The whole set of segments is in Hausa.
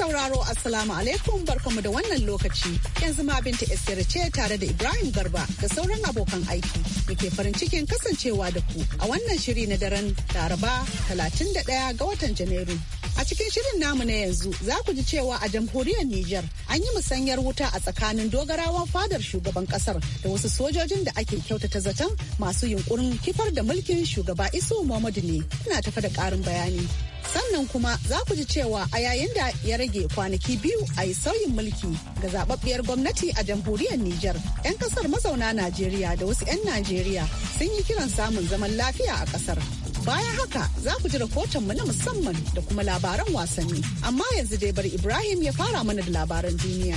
sauraro Assalamu alaikum barkamu da wannan lokaci yanzu ma binta Esther ce tare da Ibrahim Garba da sauran abokan aiki yake farin cikin kasancewa da ku a wannan shiri na daren Laraba 31 ga watan Janairu. A cikin shirin namu na yanzu za ku ji cewa a jamhuriyar Nijar an yi musanyar wuta a tsakanin dogarawan fadar shugaban kasar da wasu sojojin da ake kyautata zaton masu yunkurin kifar da mulkin shugaba Isu Muhammadu ne. Ina tafa da ƙarin bayani. sannan kuma za ku ji cewa a yayin da ya rage kwanaki biyu a yi sauyin mulki ga zababbiyar gwamnati a jamhuriyar Nijar. 'Yan kasar mazauna Najeriya da wasu 'yan Najeriya sun yi kiran samun zaman lafiya a kasar. Bayan haka za ku ji rahotonmu na musamman da kuma labaran wasanni. Amma yanzu dai bari Ibrahim ya fara mana da labaran duniya.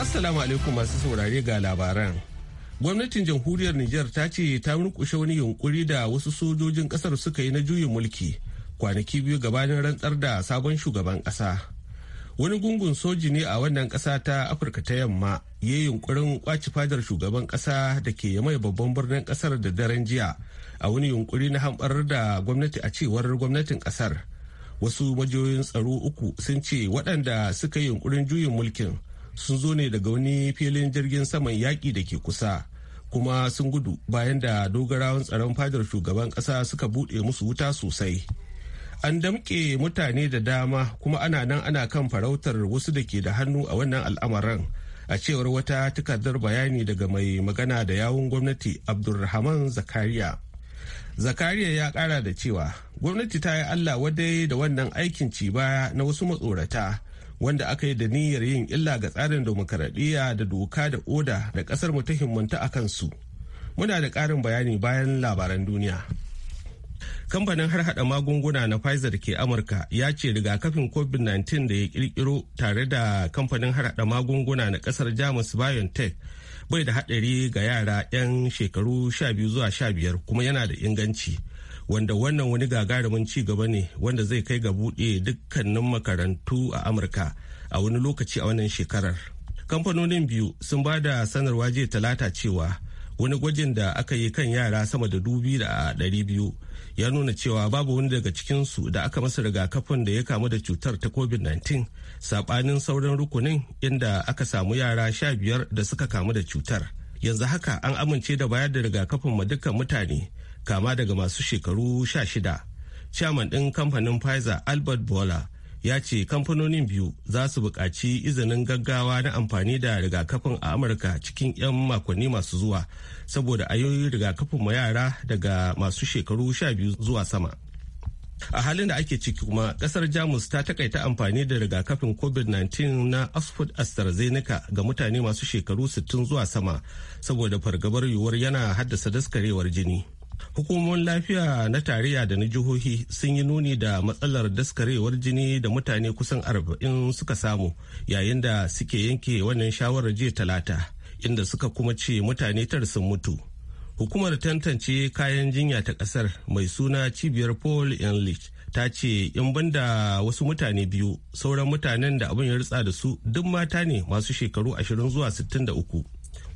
Assalamu alaikum masu saurare ga labaran. gwamnatin jamhuriyar niger ta ce ta murkushe wani yunkuri da wasu sojojin kasar suka yi na juyin mulki kwanaki biyu gabanin rantsar da sabon shugaban kasa wani gungun soji ne a wannan kasa ta afirka ta yamma ya yi yunkurin kwaci fadar shugaban kasa da ke yamai babban birnin kasar da daren jiya a wani yunkuri na hamɓarar da gwamnati a cewar gwamnatin kasar wasu majiyoyin tsaro uku sun ce waɗanda suka yi yunkurin juyin mulkin sun zo ne daga wani filin jirgin saman yaƙi da ke kusa kuma sun gudu bayan da dogarawan tsaron fadar shugaban ƙasa suka buɗe musu wuta sosai an damƙe mutane da dama kuma ana nan ana kan farautar wasu da ke da hannu a wannan al'amarin a cewar wata takardar bayani daga mai magana da yawun gwamnati abdulrahman zakariya zakariya ya kara da cewa gwamnati ta yi allah wadai da wannan aikin ci baya na wasu matsorata wanda aka yi da niyyar yin illa ga tsarin demokaradiyya da doka da oda da kasar mu ta himmanta a kansu muna da ƙarin bayani bayan labaran duniya kamfanin har hada magunguna na pfizer ke amurka ya ce rigakafin covid-19 da ya kirkiro tare da kamfanin har hada magunguna na kasar jamus biontech bai da hadari ga yara 'yan shekaru 12 zuwa 15 kuma yana da inganci wanda wannan wani gagarumin ci gaba ne wanda zai kai ga buɗe dukkanin makarantu a amurka a wani lokaci a wannan shekarar kamfanonin biyu sun ba da sanarwa jiya talata cewa wani gwajin da aka yi kan yara sama da dubi da ɗari biyu ya nuna cewa babu wani daga cikinsu da aka masa rigakafin da ya kamu da cutar ta covid-19 saɓanin sauran rukunin inda aka samu yara sha biyar da suka kamu da cutar yanzu haka an amince da bayar da rigakafin ma dukkan mutane kama daga masu shekaru sha shida. Chairman ɗin kamfanin Pfizer Albert Bola ya ce kamfanonin biyu za su buƙaci izinin gaggawa na amfani da rigakafin a Amurka cikin 'yan makonni masu zuwa saboda ayoyin rigakafin ma yara daga masu shekaru sha biyu zuwa sama. a halin da ake ciki kuma kasar jamus ta takaita amfani da rigakafin covid-19 na oxford astrazeneca ga mutane masu shekaru 60 zuwa sama saboda fargabar yiwuwar yana haddasa daskarewar jini hukumomin lafiya na tarayya da na jihohi sun yi nuni da matsalar daskarewar jini da mutane kusan arba'in suka samu yayin da suke yanke wannan shawarar jiya talata inda suka kuma ce mutane tar sun mutu hukumar tantance kayan jinya ta kasar mai suna cibiyar paul enlich ta ce in banda wasu mutane biyu sauran mutanen da abin ya ritsa da su duk mata ne masu shekaru ashirin zuwa uku.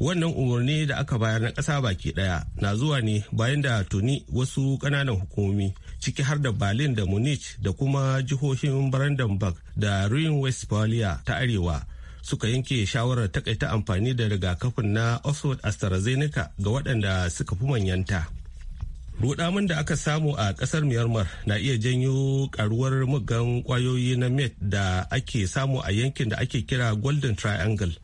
wannan umarni da aka bayar na ƙasa baki ɗaya na zuwa ne bayan da tuni wasu ƙananan hukumomi ciki har da berlin da munich da kuma jihohin brandenburg da rhine westphalia ta arewa suka yanke shawarar takaita amfani da rigakafin na oxford astrazeneca ga waɗanda suka fi manyanta rudamin da aka samu a kasar myanmar na iya janyo karuwar muggan kwayoyi na met da ake samu a yankin da ake kira golden triangle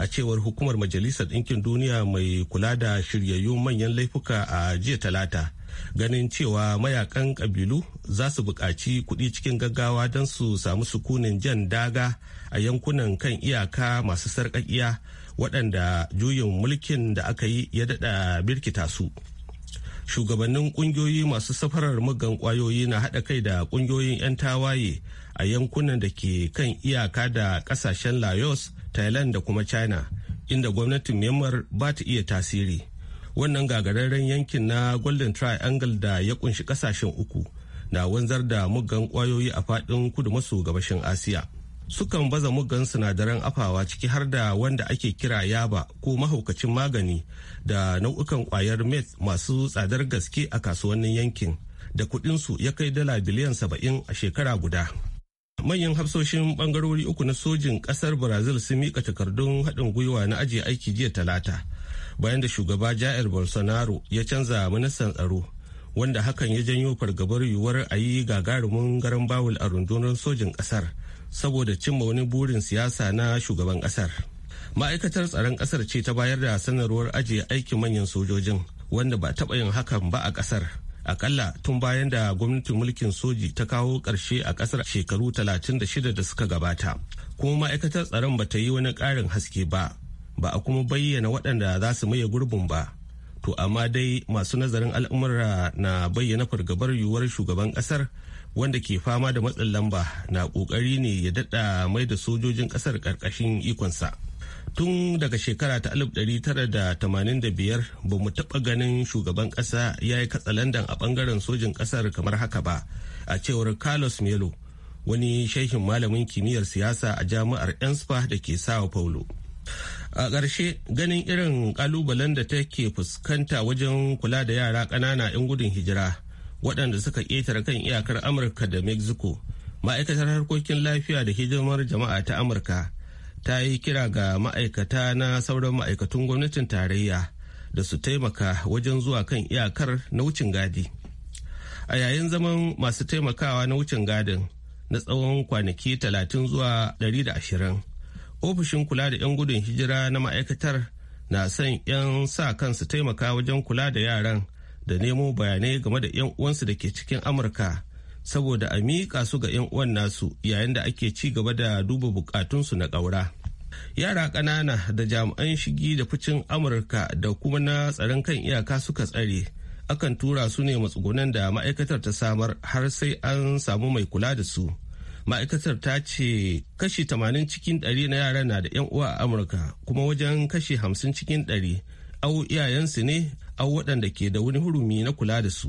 a cewar hukumar majalisar ɗinkin duniya mai kula da shiryayyun manyan laifuka a jiya talata ganin cewa mayakan ƙabilu za su buƙaci kuɗi cikin gaggawa don su samu sukunin jan daga a yankunan kan iyaka masu sarƙaƙiya waɗanda juyin mulkin da aka yi ya daɗa birkita su. shugabannin kungiyoyi masu safarar muggan kwayoyi na haɗa kai da kungiyoyin 'yan tawaye a yankunan da ke kan iyaka da ƙasashen laos thailand da kuma china inda gwamnatin myanmar ba ta iya tasiri wannan gagararren yankin na golden triangle da ya kunshi ƙasashen uku na wanzar da muggan kwayoyi a faɗin kudu maso gabashin asiya sukan baza muggan sinadaran afawa ciki har da wanda ake kira yaba ko mahaukacin magani da nau'ukan kwayar met masu tsadar gaske a kasuwannin yankin da kudinsu ya kai dala biliyan saba'in a shekara guda manyan hafsoshin bangarori uku na sojin kasar brazil sun mika takardun haɗin gwiwa na ajiye aiki jiya talata bayan da shugaba jair bolsonaro ya canza ministan tsaro wanda hakan ya janyo fargabar yiwuwar a yi gagarumin garan bawul a rundunar sojin kasar saboda cimma wani burin siyasa na shugaban kasar ma'aikatar tsaron kasar ce ta bayar da sanarwar ajiye aikin manyan sojojin wanda ba taɓa yin hakan ba a kasar akalla tun bayan da gwamnatin mulkin soji ta kawo ƙarshe a ƙasar shekaru 36 da suka gabata kuma ma'aikatar tsaron ba ta yi wani ƙarin haske ba ba a kuma bayyana waɗanda za su maye gurbin ba to amma dai masu nazarin al'umura na bayyana fargabar yiwuwar shugaban ƙasar wanda ke fama da matsin lamba na kokari ne ya dada mai da sojojin kasar karkashin ikonsa tun daga shekara ta 1985 ba mu taɓa ganin shugaban ƙasa ya yi katsalandan a ɓangaren sojin ƙasar kamar haka ba a cewar carlos melo wani shehin malamin kimiyyar siyasa a jami'ar enspa da ke sao paulo a ƙarshe ganin irin ƙalubalen da take fuskanta wajen kula da yara ƙanana 'yan gudun hijira waɗanda suka ƙetare kan iyakar amurka da mexico ma'aikatar harkokin lafiya da hidimar jama'a ta amurka ta yi kira ga ma'aikata na sauran ma'aikatun gwamnatin tarayya da su taimaka wajen zuwa kan iyakar na wucin gadi a yayin zaman masu taimakawa na wucin gadin na tsawon kwanaki 30 zuwa 120 ofishin kula da 'yan gudun hijira na ma'aikatar na son 'yan sa kansu taimaka wajen kula da yaran da nemo bayanai game da 'yan uwansu da ke cikin amurka saboda a miƙa su ga 'yan uwan nasu yayin da ake ci gaba da duba bukatunsu na ƙaura yara ƙanana da jami'an shigi da ficin amurka da kuma na tsaron kan iyaka suka tsare akan tura su ne matsugunan da ma'aikatar ta samar har sai an samu mai kula da su ma'aikatar ta ce kashi 80 cikin 100 na yara na da 'yan uwa a amurka kuma wajen kashi 50 cikin 100 au iyayensu ne au waɗanda ke da wani hurumi na kula da su.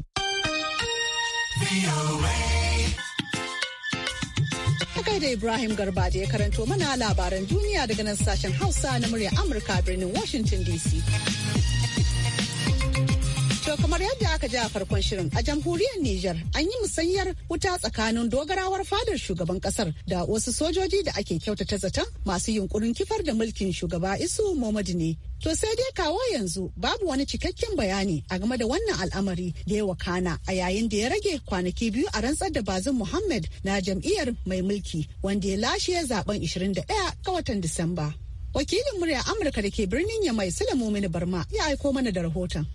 kai da Ibrahim Garba da ya karanto mana labaran duniya daga nan sashen Hausa na murya Amurka birnin Washington DC. To kamar yadda aka ji a farkon shirin a jamhuriyar Nijar an yi musanyar wuta tsakanin dogarawar fadar shugaban kasar da wasu sojoji da ake kyautata zaton masu yunkurin kifar da mulkin shugaba Isu Muhammadu ne To sai dai kawo yanzu babu wani cikakken bayani a game da wannan al'amari da ya wakana a yayin da ya rage kwanaki biyu a rantsar da bazin Muhammad na jam'iyyar mai mulki wanda ya lashe zaben 21 ga watan Disamba. Wakilin murya Amurka da ke birnin Yamai Sulamu Mini Barma ya aiko mana da rahoton.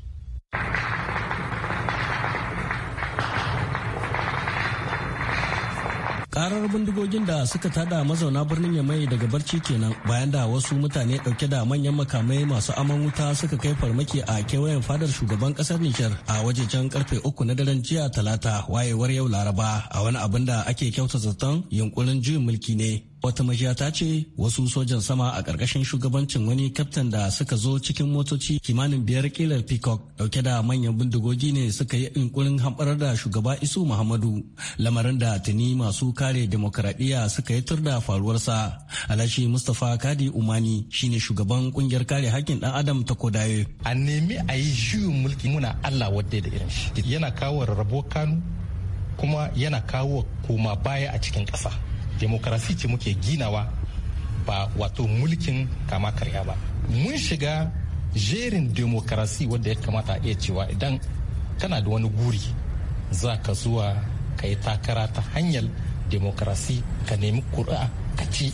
Ƙarar bindigogin da suka tada mazauna birnin yamai daga barci kenan bayan da wasu mutane ɗauke da manyan makamai masu aman wuta suka kai farmaki a kewayen fadar shugaban ƙasar nijar a wajejen karfe uku na daren jiya talata wayewar yau laraba a wani abin da ake kyautata zaton yunkurin juyin mulki ne wata majiya ta ce wasu sojan sama a ƙarƙashin shugabancin wani kaftan da suka zo cikin motoci kimanin biyar kilar peacock dauke da manyan bindigogi ne suka yi yunkurin hamɓarar da shugaba isu muhammadu lamarin da tuni masu kare demokradiyya suka yi tur da faruwarsa alhaji mustapha kadi umani shine shugaban kungiyar kare hakkin dan adam ta kodaye a nemi a yi juyin mulki muna allah wadda da irin shi yana kawo rabo kanu kuma yana kawo koma baya a cikin ƙasa demokarasi ce muke ginawa ba wato mulkin kama karya ba mun shiga jerin demokarasi wanda ya kamata a iya cewa idan kana da wani guri za ka zuwa ka yi takara ta hanyar demokarasi ka nemi kuri'a ka ci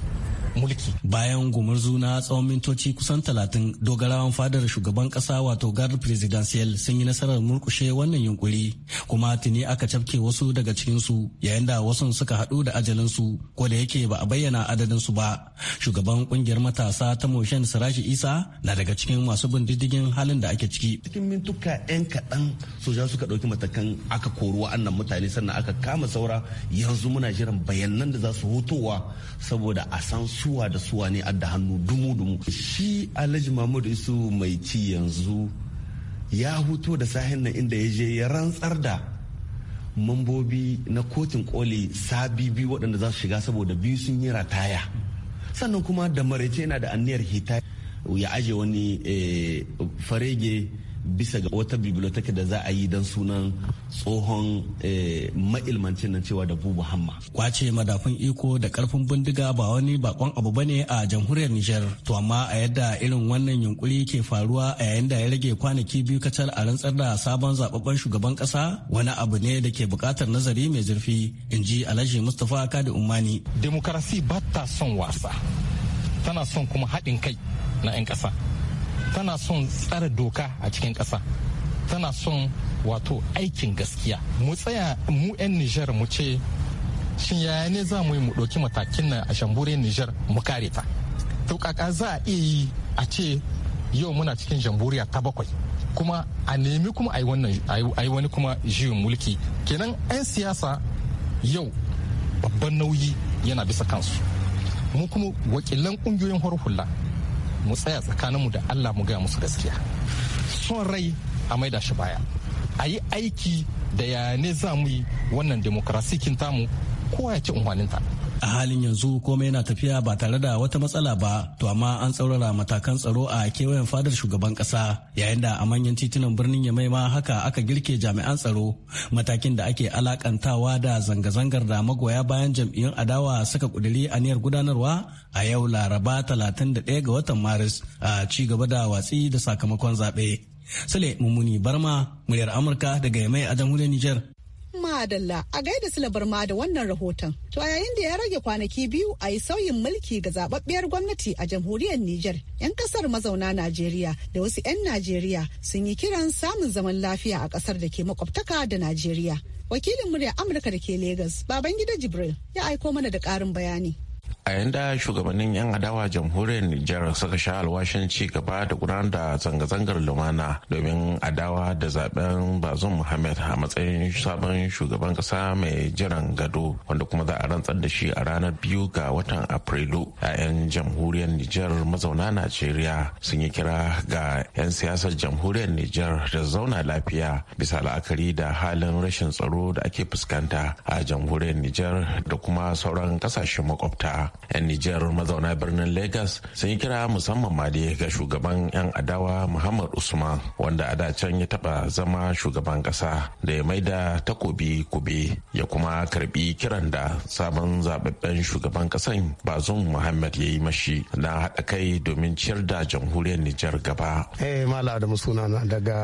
mulki. Bayan gumurzu na tsawon mintoci kusan talatin dogarawan fadar shugaban kasa wato guard presidential sun yi nasarar murkushe wannan yunkuri kuma tuni aka cafke wasu daga cikinsu yayin da wasu suka haɗu da ajalinsu ko da yake ba a bayyana su ba. Shugaban kungiyar matasa ta motion Sirashi Isa na daga cikin masu bin diddigin halin da ake ciki. Cikin mintuka 'yan kaɗan sojan suka ɗauki matakan aka kori wa'annan mutane sannan aka kama saura yanzu muna jiran bayanan da za su hutowa saboda a san su suwa da suwa ne adda hannu dumu-dumu shi alhaji Mahmud isu mai ci yanzu ya huto da sahin nan inda ya je ya rantsar da mambobi na kotun koli sabi biyu waɗanda za su shiga saboda biyu sun yi rataya sannan kuma da maraice yana da anniyar hita ya aje wani eh, farege bisa ga wata biblioteka da za a yi don sunan tsohon eh, ma'ilmancin nan cewa da bubu hamma. Kwace madafin iko da karfin bindiga ba wani bakon abu ba ne a jamhuriyar Nijar. To amma a yadda irin wannan yunkuri ke faruwa a yayin da ya rage kwanaki biyu kacal a rantsar da sabon zababban shugaban kasa wani abu ne da ke bukatar nazari mai zurfi in ji Alhaji Mustapha Kadi Umani. Demokarasi ba ta son wasa. Tana son kuma haɗin kai na 'yan ƙasa. tana son tsara doka a cikin ƙasa tana son wato aikin gaskiya mu tsaya mu 'yan nijar mu ce shin yaya ne za mu yi mu ɗauki matakin na a shamburiyar nijar mu kare ta to kaka za a iya yi a ce yau muna cikin jamhuriya ta bakwai kuma a nemi kuma a yi wani kuma jiyun mulki kenan 'yan siyasa yau babban nauyi yana bisa kansu mu kuma wakilan kungiyoyin hula mu tsaya tsakaninmu da allah mu gaya musu gaskiya son rai a maida shi baya a yi aiki da ne za mu yi wannan demokrasi kin tamu kowa ya ci unhwaninta a halin yanzu komai yana tafiya ba tare da wata matsala ba to amma an tsaurara matakan tsaro a kewayen fadar shugaban kasa yayin da a manyan titunan birnin yamai ma haka aka girke jami'an tsaro matakin da ake alakantawa da zanga-zangar da magoya bayan jam'iyyun adawa suka kuduri niyar gudanarwa a yau laraba 31 ga watan maris a ci gaba da watsi da sakamakon zaɓe. Sule Mummuni Barma, muryar Amurka daga Yamai a jamhuriyar Nijar. Madalla a gaida silabar ma da wannan rahoton. To a yayin da ya rage kwanaki biyu a yi sauyin mulki ga zababbiyar gwamnati a jamhuriyar Nijar, 'yan kasar mazauna Najeriya da wasu 'yan Najeriya sun yi kiran samun zaman lafiya a kasar da ke makwabtaka da Najeriya. Wakilin murya Amurka da ke Legas, Babangida Jibril, ya aiko mana da ƙarin bayani. a yanda shugabannin 'yan adawa jamhuriyar nijar suka sha alwashin ci gaba da gudanar da zanga-zangar lumana domin adawa da zaben bazum muhammad a matsayin sabon shugaban kasa mai jiran gado wanda kuma za a rantsar da shi a ranar biyu ga watan afrilu a 'yan jamhuriyar nijar mazauna najeriya sun yi kira ga 'yan siyasar jamhuriyar nijar da zauna lafiya bisa la'akari da halin rashin tsaro da ake fuskanta a jamhuriyar nijar da kuma sauran kasashen makwabta 'yan nijar mazauna birnin lagos sun yi kira musamman ma dai ga shugaban 'yan adawa muhammad usman wanda a da can ya taba zama shugaban kasa da ya maida takobi kube ya kuma karbi kiran da sabon zababben shugaban kasan bazum muhammad ya yi mashi na haɗa kai domin ciyar da jamhuriyar nijar gaba eh, da daga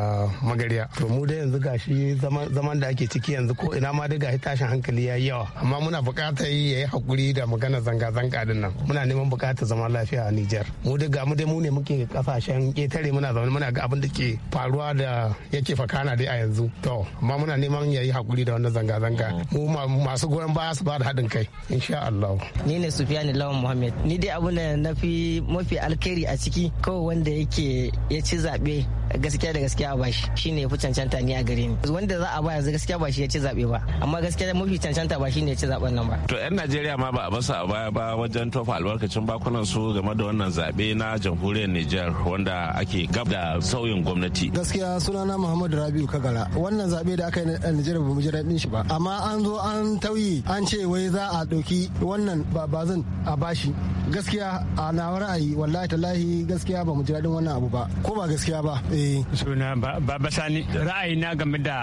da ake ciki yanzu ko ina ma dai gashi tashin hankali yayi yawa amma muna buƙatar yayi hakuri da magana zanga zanka din nan muna neman bukatar zaman lafiya a Nijar mu duk ga mu dai mu ne muke kasashen ketare muna zaune muna ga abin da ke faruwa da yake fakana dai a yanzu to amma muna neman yayi hakuri da wannan zanga-zanga mu masu goyon baya su ba da haɗin kai insha Allah ni ne Sufiani Lawan Muhammad ni dai abu na fi mafi alkhairi a ciki kawai wanda yake ya ci zaɓe gaskiya da gaskiya a shi shine ya fi cancanta ni a gare ni wanda za a ba yanzu gaskiya ba shi ya ci zaɓe ba amma gaskiya mafi cancanta ba shine ya ci zaɓen nan ba. to yan najeriya ma ba a basa a baya ba wajen tofa albarkacin bakunan su game da wannan zaɓe na jamhuriyar niger wanda ake gab da sauyin gwamnati. gaskiya sunana muhammadu rabiu Kagala wannan zaɓe da aka yi a nigeria ba mu ji daɗin shi ba amma an zo an tauye an ce wai za a ɗauki wannan ba zan a bashi gaskiya a nawa ra'ayi wallahi tallahi gaskiya ba mu ji daɗin wannan abu ba ko ba gaskiya ba Eh. suna ba sani ra'ayina game da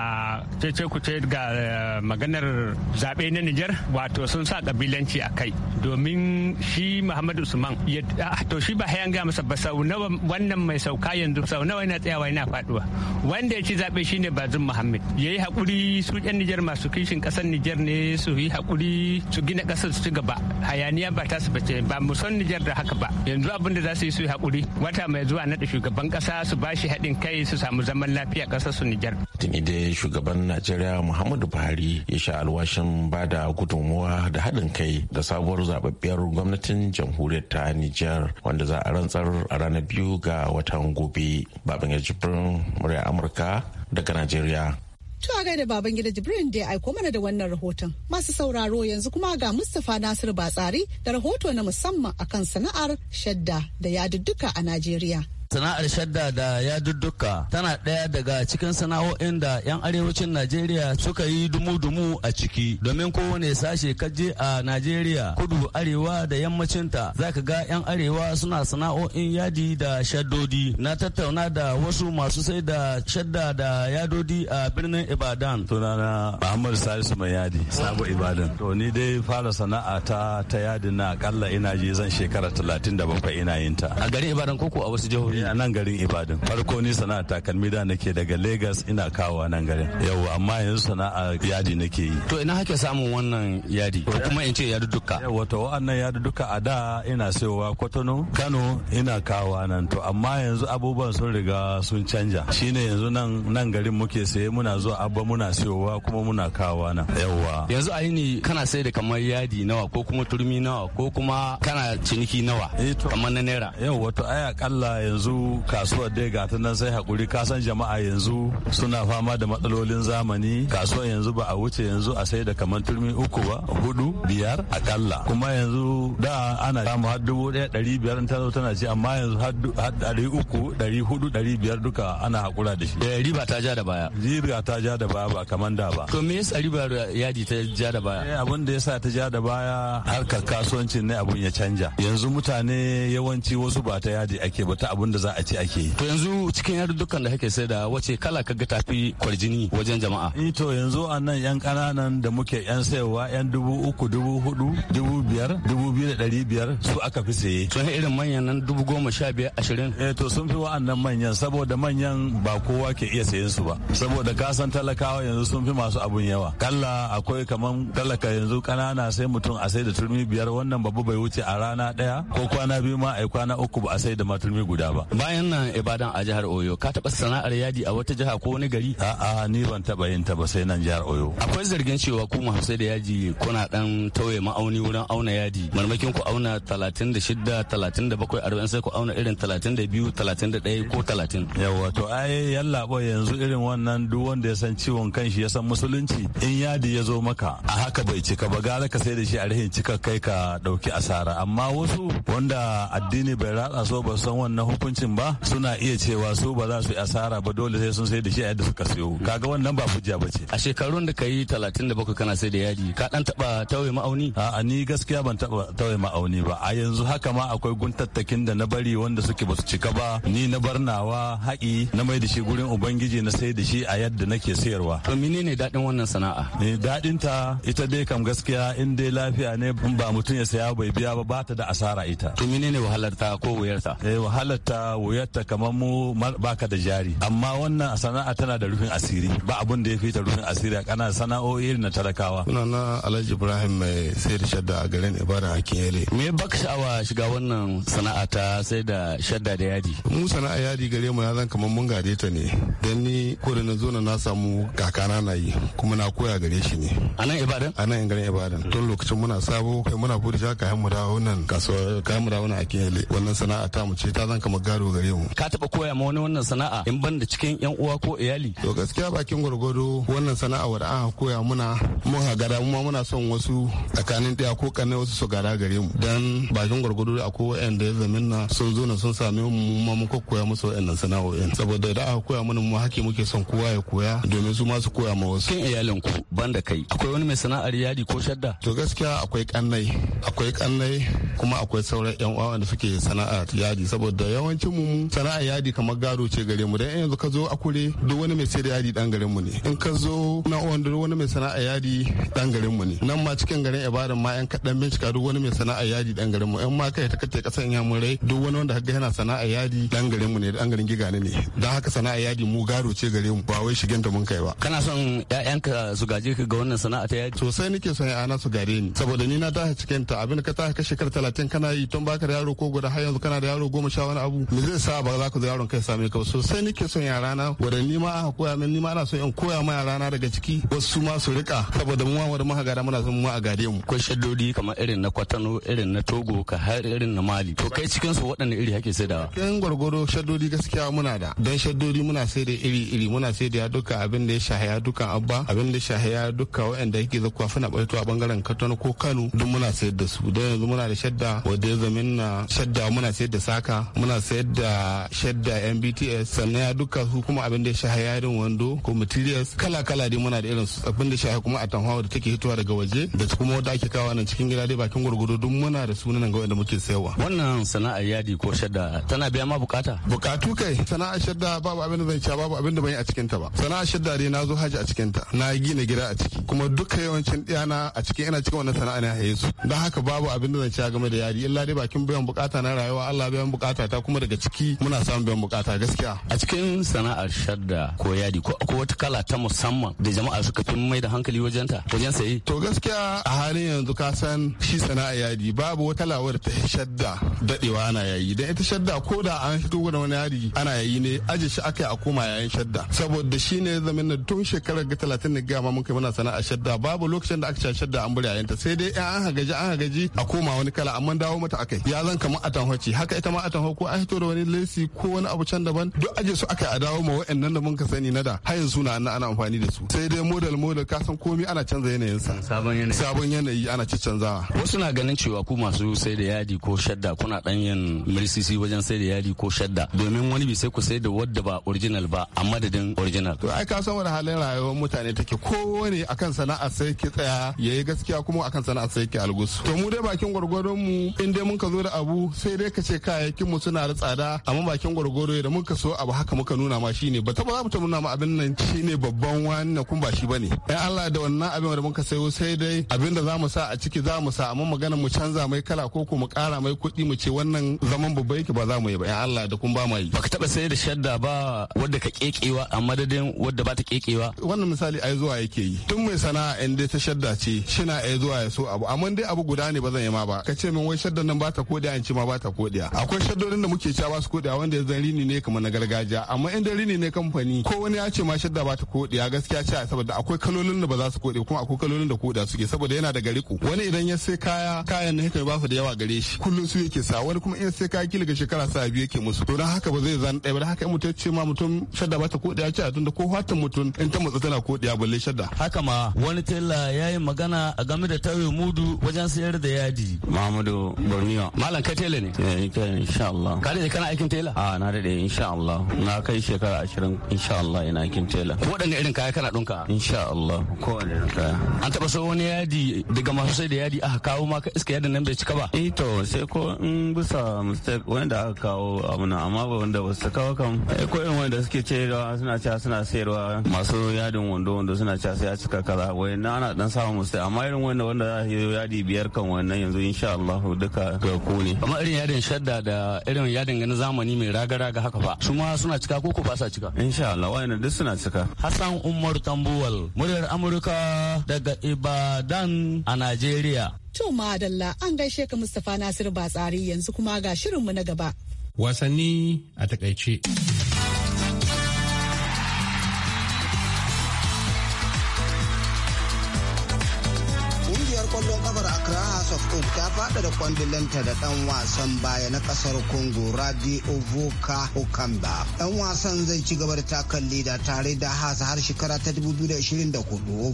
cece kuce ga eh, maganar zaɓe na Nijar wato sun sa kabilanci a kai domin shi Muhammadu Usman ah, to shi ba hayan gaya masa ba sau nawa wannan mai sauka yanzu sau nawa yana tsayawa yana faduwa wanda ya ci zaɓe shine Bazum Muhammad yayi hakuri su yan Nijar masu kishin ƙasar Nijar ne su yi hakuri su gina ƙasar su ci gaba hayaniya ba ta su bace ba mu san Nijar da haka ba yanzu abin da za su yi su yi hakuri wata mai zuwa naɗa shugaban ƙasa su ba shi haɗin kai su samu zaman lafiya ƙasar su Nijar. Tuni da shugaban Najeriya Muhammadu Buhari ya sha alwashin ba da gudunmuwa da haɗin kai ga sabuwar zababbiyar gwamnatin jamhuriyar ta Nijar wanda za a rantsar a ranar biyu ga watan gobe. Babin Jibrin murya Amurka daga Najeriya. To a gaida baban gida Jibrin da ya aiko mana da wannan rahoton. Masu sauraro yanzu kuma ga Mustapha nasiru Batsari da rahoto na musamman akan sana'ar shadda da yadudduka a Najeriya. sana'ar shadda da yadudduka tana ɗaya daga cikin sana'o'in da 'yan arewacin najeriya suka yi dumu-dumu a ciki domin kowane sashe kaje a najeriya kudu arewa da yammacinta zaka ga 'yan arewa suna sana'o'in yadi da shaddodi na tattauna da wasu masu sai da shadda da yadodi a birnin ibadan sunana muhammad salisu mai yadi sabo ibadan to ni dai fara sana'a ta ta yadi na akalla ina je zan shekara 37 ina yin ta a garin ibadan koko a wasu jihohi ni a nan garin Ibadan. Farko ni sana'a takalmi da nake daga Lagos ina kawo nan garin. Yau amma yanzu sana'a yadi nake yi. To ina hake samun wannan yadi ko kuma in ce yadi duka. Yau wato wannan yadi duka a da ina sayowa Kotono Kano ina kawo nan to amma yanzu abubuwan sun riga sun canja. Shine yanzu nan nan garin muke saye muna zuwa abba muna sayowa kuma muna kawo nan. Yauwa. Yanzu a ni kana sai da kamar yadi nawa ko kuma turmi nawa ko kuma kana ciniki nawa eh, kamar na naira. Yau wato ai akalla yanzu yanzu kasuwar dai ga ta nan sai hakuri kasan jama'a yanzu suna fama da matsalolin zamani kasuwar yanzu ba a wuce yanzu a sai da kamar turmi uku ba hudu biyar akalla kuma yanzu da ana samu har dubu ɗaya ɗari biyar ta zo tana ci amma yanzu har ɗari uku ɗari hudu ɗari biyar duka ana hakura da shi. Eh, riba ta ja da baya. riba ta ja da baya ba kamar da ba. to me yasa riba yadi ta ja da baya. Eh, abin da yasa ta ja da baya harkar kasuwancin ne abun ya canja yanzu mutane yawanci wasu ba ta yadi ake ba ta abun da za a ce ake to yanzu cikin dukkan da kake sai da wace kala kaga tafi kwarjini wajen jama'a eh to yanzu a nan yan kananan da muke yan sayarwa yan dubu uku dubu hudu dubu biyar dubu biyu da dari biyar su aka fi saye sun irin manyan nan dubu goma sha biyar ashirin eh to sun fi wa'annan manyan saboda manyan ba kowa ke iya sayen su ba saboda kasan talakawa yanzu sun fi masu abun yawa kalla akwai kaman talaka yanzu kanana sai mutum a sai da turmi biyar wannan babu bai wuce a rana daya ko kwana biyu ma ai kwana uku ba a sai da ma turmi guda ba bayan nan ibadan a jihar oyo ka taba sana'ar yadi a wata jiha ko wani gari a'a ni ban taba yin ta ba sai nan jihar oyo akwai zargin cewa ku hausa da yaji kuna dan tauye ma'auni wurin auna yadi marmakin ku auna 36 37 40 sai ku auna irin 32 31 ko 30 yawa to ai yalla yanzu irin wannan duk wanda ya san ciwon kanshi ya san musulunci in yadi ya zo maka a haka bai cika ba gara ka sai da shi a rahin cika kai ka dauki asara amma wasu wanda addini bai ratsa so ba san wannan hukunci hukuncin ba suna iya cewa su ba za su yi asara ba dole sai sun sai da shi a yadda suka siyo mm. kaga wannan ba hujja ba ce a shekarun da ka yi talatin da bakwai kana sai da yadi ka dan taba tauye ma'auni a ni gaskiya ban taba tauye ma'auni ba a yanzu haka ma akwai guntattakin da na bari wanda suke basu cika ba ni na barnawa haƙi na mai da shi gurin ubangiji na sai da shi a yadda nake sayarwa to menene daɗin wannan sana'a ne eh, dadin ta ita dai kam gaskiya in dai lafiya ne ba mutum ya saya bai biya ba ba ta da asara ita to menene wahalar ta ko wuyar eh wahalar wuyarta kamar mu baka da jari amma wannan sana'a tana da rufin asiri ba abun da ya fita rufin asiri a kana sana'o'i irin na talakawa kuna na alhaji ibrahim mai sai da shadda a garin ibadan hakin yale me baka sha'awa shiga wannan sana'a ta sai da shadda da yadi mu sana'a yadi gare mu ya zan kamar mun gade ta ne dan ni ko da na zo na samu kakana na yi kuma na koya gare shi ne a nan ibadan a nan garin ibadan tun lokacin muna sabo kai muna shaka kayan mu da wannan kasuwa kayan mu da wannan hakin yale wannan sana'a ta mu ce ta zan kamar yaro gare mu ka taba koya ma wani wannan sana'a in ban da cikin yan uwa ko iyali to gaskiya bakin gwargwado wannan sana'a wadda aka koya muna mun hagara mu muna son wasu tsakanin da ko kanai wasu su gara gare mu dan bakin gwargwado da akwai wa'anda ya zamin na sun zo na sun same mu mu ma muka koya musu wa'annan sana'o'in saboda da aka koya mana mu haƙi muke son kowa ya koya domin su ma su koya ma wasu kin iyalin ku ban da kai akwai wani mai sana'ar yadi ko shadda to gaskiya akwai kannai akwai kannai kuma akwai sauran yan uwa da suke sana'ar yadi saboda yawanci yawancin mu sana'a yadi kamar gado ce gare mu dan in yanzu ka zo akure duk wani mai sayar da yadi dan garin mu ne in ka zo na wanda wani mai sana'a yadi dan garin mu ne nan ma cikin garin Ibadan ma yan kadan bincika duk wani mai sana'a yadi dan garin mu yan ma kai ta kace kasan yamurai duk wani wanda kaga yana sana'a yadi dan garin mu ne dan garin giga ne dan haka sana'a yadi mu gado ce gare mu ba wai shigen da mun kai ba kana son ƴaƴanka su gaje ka ga wannan sana'a ta yadi sosai nake son ƴaƴana su gare ni saboda ni na tashi cikin ta abin ka tashi ka shekara 30 kana yi tun baka da yaro ko guda har yanzu kana da yaro goma sha wani abu ni zai sa ba za ku ga yaron kai same ka sosai nake son yara na wanda ni ma aka koya min ni ma na so in koya ma yara na daga ciki wasu ma su rika saboda mu ma muka gada muna son mu a gade mu ko shaddodi kamar irin na kwatano irin na togo ka har irin na mali to kai cikin su waɗanne iri hake da. kin gwargwaro shaddodi gaskiya muna da dan shaddodi muna sai da iri iri muna sai da duka abin da ya shahaya dukan abba abin da shahaya duka waɗanda yake zakuwa na baito a bangaren katano ko kano duk muna sayar da su dan yanzu muna da shadda wanda ya zamin na shadda muna sayar da saka muna sayar sayar da shadda sannan ya duka su kuma abin da ya shaha yarin wando ko materials kala kala dai muna da irin su abin da shaha kuma a tanhawa da take hitowa daga waje da kuma wanda ake kawo nan cikin gida dai bakin gurgudu duk muna da nan ga wanda muke sayarwa wannan sana'a yadi ko shadda tana biya ma bukata bukatu kai sana'ar shadda babu abin da zan ci babu abin da ban yi a cikin ta ba sana'ar shadda dai na zo haji a cikin ta na gina gida a ciki kuma duka yawancin ɗiyana a cikin ina cikin wannan sana'a ne haye su don haka babu abin da zan ci game da yadi illa dai bakin biyan bukata na rayuwa Allah biyan bukata ta kuma daga ciki muna samun biyan bukata gaskiya a cikin sana'ar shadda ko yadi ko akwai wata kala ta musamman da jama'a suka fi mai da hankali wajen ta wajen saye to gaskiya a halin yanzu ka san shi sana'ar yadi babu wata lawar ta shadda dadewa ana yayi dan ita shadda ko da an shigo da wani yadi ana yayi ne aje shi akai a koma yayin shadda saboda shi ne zamin na tun shekarar ga talatin ne gama mun kai muna sana'ar shadda babu lokacin da aka ci shadda an buri yayin ta sai dai an hagaji an hagaji a koma wani kala amma dawo mata akai ya zan kamar atanhoci haka ita ma atanhoci ko an fito da wani lesi ko wani abu can daban duk aje su aka a dawo ma wa'annan da mun ka sani na da har yanzu na ana amfani da su sai dai model model ka san komai ana canza yanayin sa sabon yanayi sabon yanayi ana canzawa wasu na ganin cewa ku masu sai da yadi ko shadda kuna dan yin mercisi wajen sai da yadi ko shadda domin wani bi sai ku sai da wadda ba original ba a madadin original to ai ka san wani halin rayuwar mutane take kowane akan sana'a sai ki tsaya yayi gaskiya kuma akan sana'a sai ki algusu to mu dai bakin gwargwadon mu in dai mun ka zo da abu sai dai ka ce kayayyakin mu suna da tsada amma bakin gwargwaro da muka so abu haka muka nuna ma shine ba taba mu ta nuna ma abin nan shine babban wani kun ba shi bane ai Allah da wannan abin da muka sayo sai dai abin da zamu sa a ciki zamu sa amma magana mu canza mai kala ko ko mu kara mai kuɗi mu ce wannan zaman babba yake ba za mu yi ba ai Allah da kun ba mu yi baka taba sayar da shadda ba wanda ka kekewa a madadin wanda ba ta kekewa wannan misali ai zuwa yake yi tun mai sana'a in dai ta shadda ce shina ai zuwa ya so abu amma dai abu guda ne ba zan yi ma ba ka ce min wai shaddan nan ba ta kodiya in ce ma ba ta kodiya akwai shaddodin da muke ta ba su a wanda zan rini ne kamar na gargajiya amma in rini ne kamfani ko wani ya ce ma shadda ba ta a gaskiya ce saboda akwai kalolin da ba za su kode kuma akwai kalolin da koda suke saboda yana gari riko wani idan ya sai kaya kayan na hikar ba su da yawa gare shi kullum su yake sa wani kuma in sai kaya kila ga shekara sa biyu yake musu to don haka ba zai zan ɗaya ba haka in mutum ce ma mutum shadda ba ta a ce a tunda ko fatan mutum in ta matsa tana a balle shadda haka ma wani tella ya yi magana a game da tauye mudu wajen sayar da yadi Muhammadu Borneo Malam Katele ne eh insha Allah da ne kana aikin tela? A na daɗe insha Allah. Na kai shekara ashirin insha Allah ina aikin tela. Waɗanne irin kaya kana ɗunka? Insha Allah kowane irin kaya. An taɓa so wani yadi daga masu sai da yadi aka kawo maka iska yadda nan bai cika ba? Eh to sai ko in bisa mistake wanda aka kawo amuna amma ba wanda ba su kawo kam. Eh ko irin wanda suke cewa suna cewa suna sayarwa masu yadin wando wando suna cewa sai ya cika kaza wai na ana dan samun mistake amma irin wanda wanda za yadi biyar kan wannan yanzu insha Allah duka ga ku ne. Amma irin yadin shadda da irin yadin irin na zamani mai raga-raga haka ba su ma suna cika ko ba sa cika insha Allah wayannan duk suna cika Hassan Umar Tambuwal muryar Amurka daga Ibadan a Najeriya to madalla an gaishe ka Mustapha Nasiru Batsari yanzu kuma ga shirinmu na gaba wasanni a takaice hada da kwandilanta da dan wasan baya na kasar Congo Radio Voka Okamba. Dan wasan zai ci gaba da takalli da tare da hasa har shekara ta 2024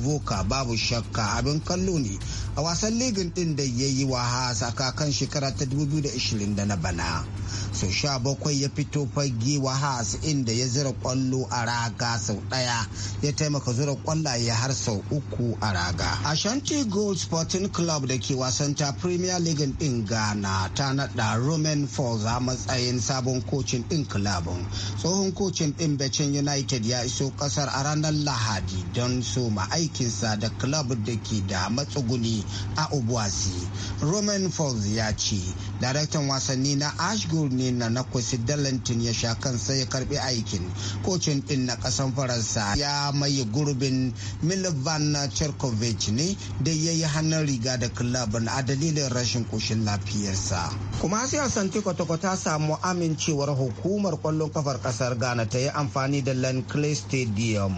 Voka babu shakka abin kallo ne a wasan ligin din da ya yi wa hasa kakan shekara ta 2020 da na bana. Sau sha bakwai ya fito fage wa hasa inda ya zira kwallo a raga sau daya ya taimaka zura kwallaye har sau uku a raga. Ashanti Gold Sporting Club da ke wasan ta Premier League ligan din ghana ta nada roman falls a matsayin sabon kocin din kilabin tsohon kocin ɗin becin united ya iso kasar a ranar lahadi don soma aikinsa da club da ke da matsuguni a obuasi roman falls ya ce daraktan wasanni na ashgur ne na na kwasidalantin ya sha kansa ya karbi aikin kocin din na kasan faransa ya mai gurbin milovan cherkovich ne da ya yi hannun riga da club a dalilin rashin cikin koshin lafiyarsa kuma sai asante ta samu amincewar hukumar kwallon kafar kasar ghana ta yi amfani da lankley stadium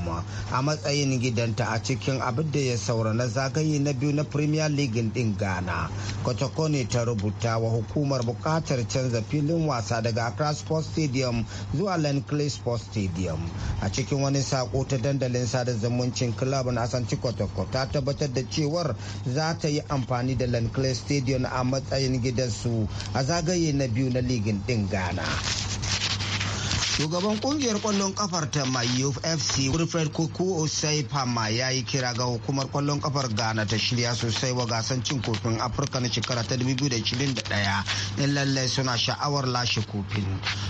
a matsayin gidanta a cikin abin da ya saura na zagaye na biyu na premier league ɗin ghana kwatakwa ne ta rubuta wa hukumar buƙatar canza filin wasa daga accra sports stadium zuwa lankley sports stadium a cikin wani sako ta dandalin sada zumuncin club na asante ta tabbatar da cewar za ta yi amfani da lankley stadium a matsayin gidansu a zagaye na biyu na ligin ɗin ghana shugaban kungiyar kwallon kafar ta mayuf fc wilfred kuku osai fama ya yi kira ga hukumar kwallon kafar ghana ta shirya sosai wa gasan cin kofin afirka na shekara ta 2021 in lallai suna sha'awar lashe kofin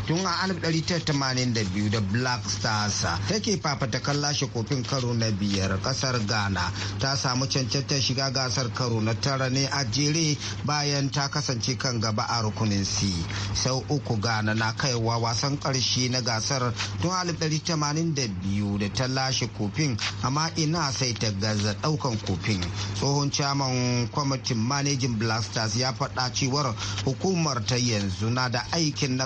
tun a 1982 da black stars take fafatakan lashe kofin karo na biyar kasar ghana ta samu cancantar shiga gasar karo na tara ne a jere bayan ta kasance kan gaba a rukunin c sau uku ghana na kaiwa wasan karshe na gasar tun 1982 da ta lashe kofin amma ina sai ta gaza daukan kofin tsohon caman kwamitin managing blasters ya faɗa cewar hukumar ta yanzu na da aikin na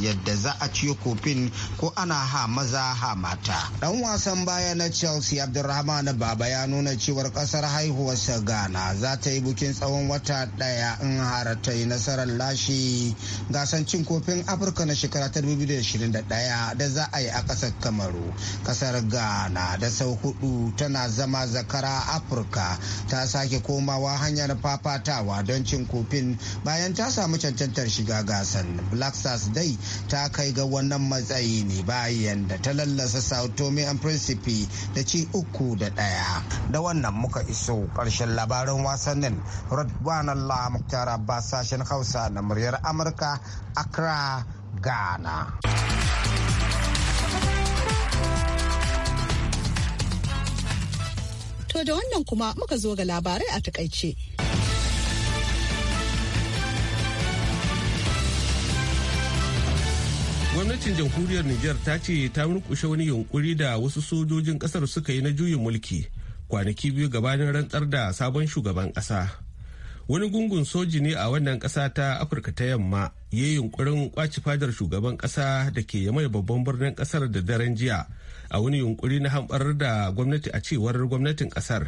yadda za a ciyo kofin ko ana ha maza ha mata dan wasan baya na chelsea abdulrahman baba ya nuna cewar kasar haihuwarsa ghana za ta yi bukin tsawon wata daya in har ta yi nasarar lashe gasan cin kofin afirka na shekara ta 2020 da ɗaya da za a yi a ƙasar kamaru ƙasar ghana da sau hudu tana zama zakara afirka ta sake komawa hanyar fafatawa don cin kofin bayan ta samu cancantar shiga gasan black stars dai ta kai ga wannan matsayi ne bayan da ta lallasa sao tome and principe da ci uku da ɗaya da wannan muka iso ƙarshen labarin wasannin rodwan allah muktar abbas sashen hausa na muryar amurka accra ghana To da wannan kuma muka zo ga labarai a takaice. gwamnatin jamhuriyar nijar ta ce ta murkushe wani yunkuri da wasu sojojin kasar suka yi na juyin mulki kwanaki biyu gabanin rantsar da sabon shugaban kasa wani gungun soji ne a wannan kasa ta afirka ta yamma ya yi yunkurin kwaci fadar shugaban kasa da ke yamai babban birnin kasar da daren jiya a wani yunkuri na hamɓarar da gwamnati a cewar gwamnatin ƙasar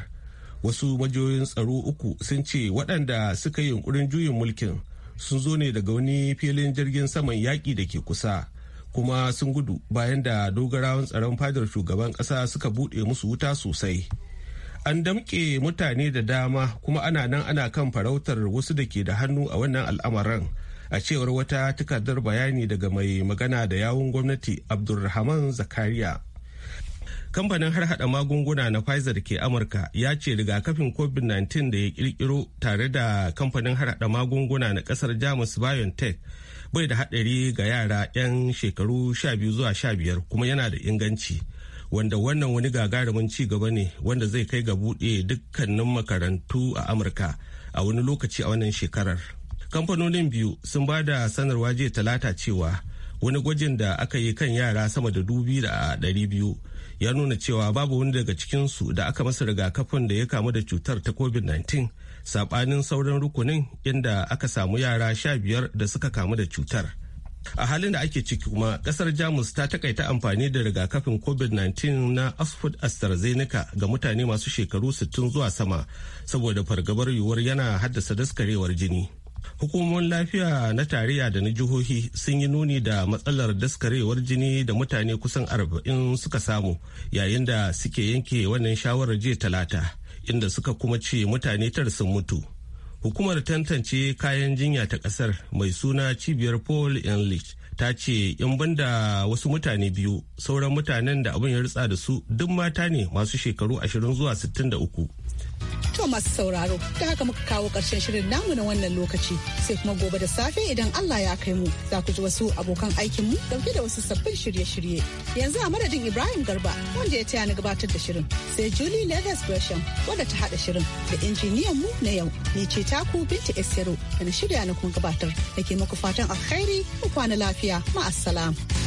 wasu majiyoyin tsaro uku sun ce waɗanda suka yi yunkurin juyin mulkin sun zo ne daga wani filin jirgin saman yaƙi da ke kusa kuma sun gudu bayan da dogarawan tsaron fadar shugaban ƙasa suka buɗe musu wuta sosai an damƙe mutane da dama kuma ana nan ana kan farautar wasu da ke da hannu a wannan al'amarin a cewar wata takardar bayani daga mai magana da yawun gwamnati abdulrahman zakariya kamfanin har hada magunguna na pfizer ke amurka ya ce rigakafin covid-19 da ya kirkiro tare da kamfanin har hada magunguna na kasar jamus biontech bai da hadari ga yara 'yan shekaru 12 zuwa 15 kuma yana da inganci wanda wannan wani gagarumin ci gaba ne wanda zai kai ga buɗe dukkanin makarantu a amurka a wani lokaci a wannan shekarar kamfanonin biyu sun ba da sanarwa jiya talata cewa wani gwajin da aka yi kan yara sama da dubi da ɗari biyu ya nuna cewa babu wani daga cikinsu da aka masa rigakafin da ya kamu da cutar ta covid-19 saɓanin sauran rukunin inda aka samu yara sha biyar da suka kamu da cutar a halin da ake ciki kuma kasar jamus ta takaita amfani da rigakafin covid-19 na oxford astrazeneca ga mutane masu shekaru 60 zuwa sama saboda fargabar yiwuwar yana haddasa daskarewar jini Hukumomin lafiya na tarayya da na jihohi sun yi nuni da matsalar daskarewar jini da mutane kusan arba'in suka samu yayin da suke yanke wannan shawarar jiya talata inda suka kuma ce mutane tar sun mutu. Hukumar tantance kayan jinya ta kasar mai suna cibiyar Paul Enlich ta ce in banda wasu mutane biyu sauran mutanen da abin ya rutsa da su duk mata ne masu shekaru ashirin zuwa uku. To masu sauraro, ta haka muka kawo ƙarshen shirin namu na wannan lokaci sai kuma gobe da safe idan Allah ya kai mu za ku ji wasu abokan aikinmu dauke da wasu sabbin shirye-shirye. Yanzu a madadin Ibrahim Garba wanda ya taya ni gabatar da shirin sai Julie Leathers Gresham wadda ta haɗa shirin da injiniyan mu na yau ni ce taku Binta Esero da na shirya na kuma gabatar da ke muku fatan alkhairi ku kwana lafiya ma'assalam.